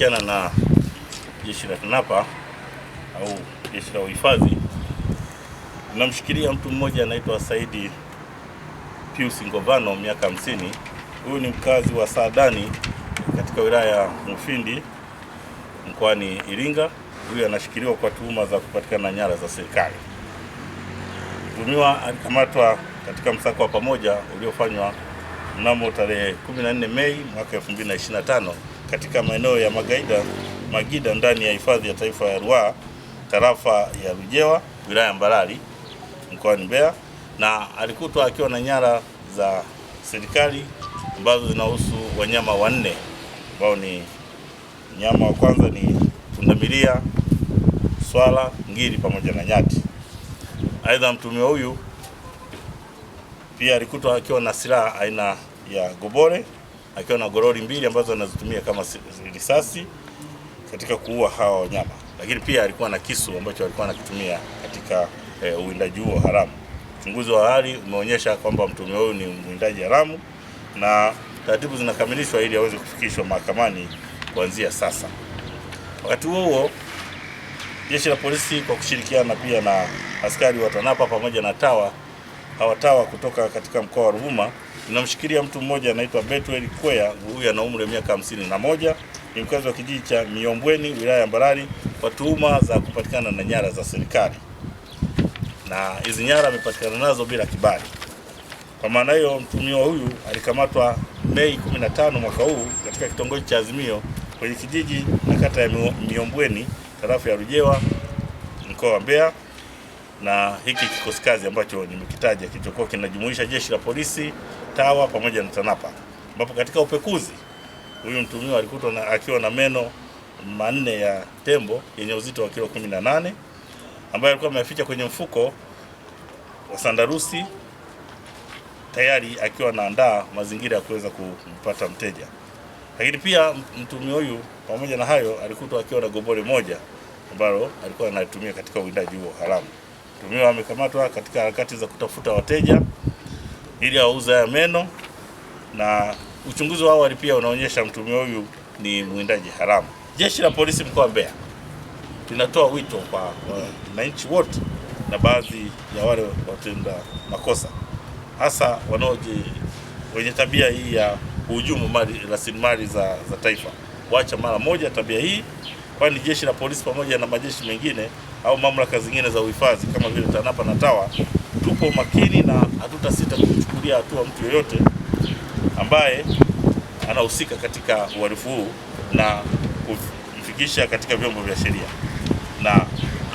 Kiana na jeshi la TANAPA au jeshi la uhifadhi, namshikilia mtu mmoja anaitwa Saidi Pius Ngovano miaka 50. Huyu ni mkazi wa Saadani katika wilaya ya Mufindi mkoani Iringa. Huyu anashikiliwa kwa tuhuma za kupatikana nyara za serikali. tumiwa alikamatwa katika msako wa pamoja uliofanywa mnamo tarehe 14 Mei mwaka 2025 katika maeneo ya Magaida, Magida ndani ya hifadhi ya taifa ya Ruaha tarafa ya Rujewa wilaya ya Mbarali mkoani Mbeya, na alikutwa akiwa na nyara za serikali ambazo zinahusu wanyama wanne ambao ni mnyama wa kwanza ni pundamilia, swala, ngiri pamoja na nyati. Aidha, mtumiwa huyu pia alikutwa akiwa na silaha aina ya gobore akiwa na gorori mbili ambazo anazitumia kama risasi katika kuua hawa wanyama, lakini pia alikuwa na kisu ambacho alikuwa anakitumia katika e, uwindaji huo haramu. Uchunguzi wa awali umeonyesha kwamba mtuhumiwa huyu ni mwindaji haramu na taratibu zinakamilishwa ili aweze kufikishwa mahakamani kuanzia sasa. Wakati huo huo, jeshi la polisi kwa kushirikiana pia na askari wa TANAPA pamoja na TAWA hawatawa kutoka katika mkoa wa Ruvuma. Tunamshikilia mtu mmoja anaitwa Betwel Kwea, huyu ana umri wa miaka hamsini na moja, ni mkazi wa kijiji cha Miombweni wilaya ya Mbarali kwa tuhuma za kupatikana na nyara za serikali, na hizi nyara amepatikana nazo bila kibali. Kwa maana hiyo, mtumio huyu alikamatwa Mei 15 mwaka huu katika kitongoji cha Azimio kwenye kijiji na kata ya Miombweni tarafu ya Rujewa mkoa wa Mbeya na hiki kikosi kazi ambacho nimekitaja kilichokuwa kinajumuisha jeshi la polisi, TAWA pamoja na TANAPA, ambapo katika upekuzi huyu mtumio alikutwa na, akiwa na meno manne ya tembo yenye uzito wa kilo 18 ambayo alikuwa ameficha kwenye mfuko wa sandarusi tayari akiwa anaandaa mazingira ya kuweza kumpata mteja. Lakini pia mtumio huyu pamoja na hayo alikutwa akiwa na gobole moja ambalo alikuwa analitumia katika uwindaji huo haramu. Mtuhumiwa amekamatwa katika harakati za kutafuta wateja ili awauza ya meno, na uchunguzi wa awali pia unaonyesha mtuhumiwa huyu ni mwindaji haramu. Jeshi la Polisi mkoa wa Mbeya linatoa wito kwa wananchi wote na baadhi ya wale watenda makosa hasa wanaoji wenye tabia hii ya kuhujumu mali rasilimali za, za taifa wacha mara moja tabia hii, kwani jeshi la polisi pamoja na majeshi mengine au mamlaka zingine za uhifadhi kama vile TANAPA na TAWA, tupo makini na hatutasita kumchukulia hatua mtu yoyote ambaye anahusika katika uhalifu huu na kumfikisha katika vyombo vya sheria. Na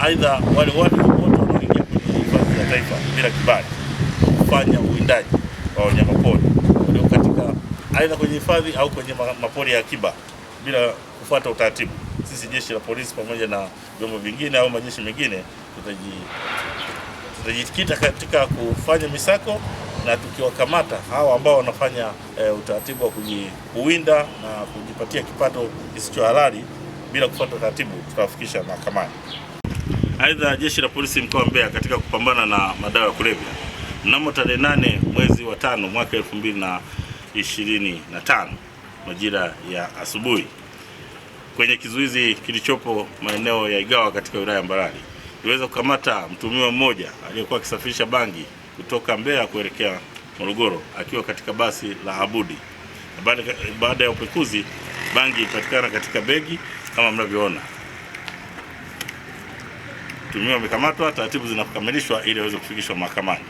aidha, wale watu wote wanaoingia kwenye hifadhi ya taifa bila kibali kufanya uwindaji wa wanyamapori walio katika aidha kwenye hifadhi au kwenye mapori ya akiba bila kufuata utaratibu, sisi jeshi la polisi pamoja na vyombo vingine au majeshi mengine tutajikita katika kufanya misako na tukiwakamata hawa ambao wanafanya e, utaratibu wa kujiuwinda na kujipatia kipato kisicho halali bila kufuata taratibu tutawafikisha mahakamani. Aidha, jeshi la polisi mkoa wa Mbeya katika kupambana na madawa ya kulevya, mnamo tarehe 8 mwezi wa tano mwaka 2025 majira ya asubuhi kwenye kizuizi kilichopo maeneo ya Igawa katika wilaya ya Mbarali. iliweza kukamata mtumiwa mmoja aliyekuwa akisafirisha bangi kutoka Mbeya kuelekea Morogoro akiwa katika basi la Abudi. Baada ya upekuzi, bangi ipatikana katika begi kama mnavyoona. Mtumiwa amekamatwa, taratibu zinakamilishwa ili aweze kufikishwa mahakamani.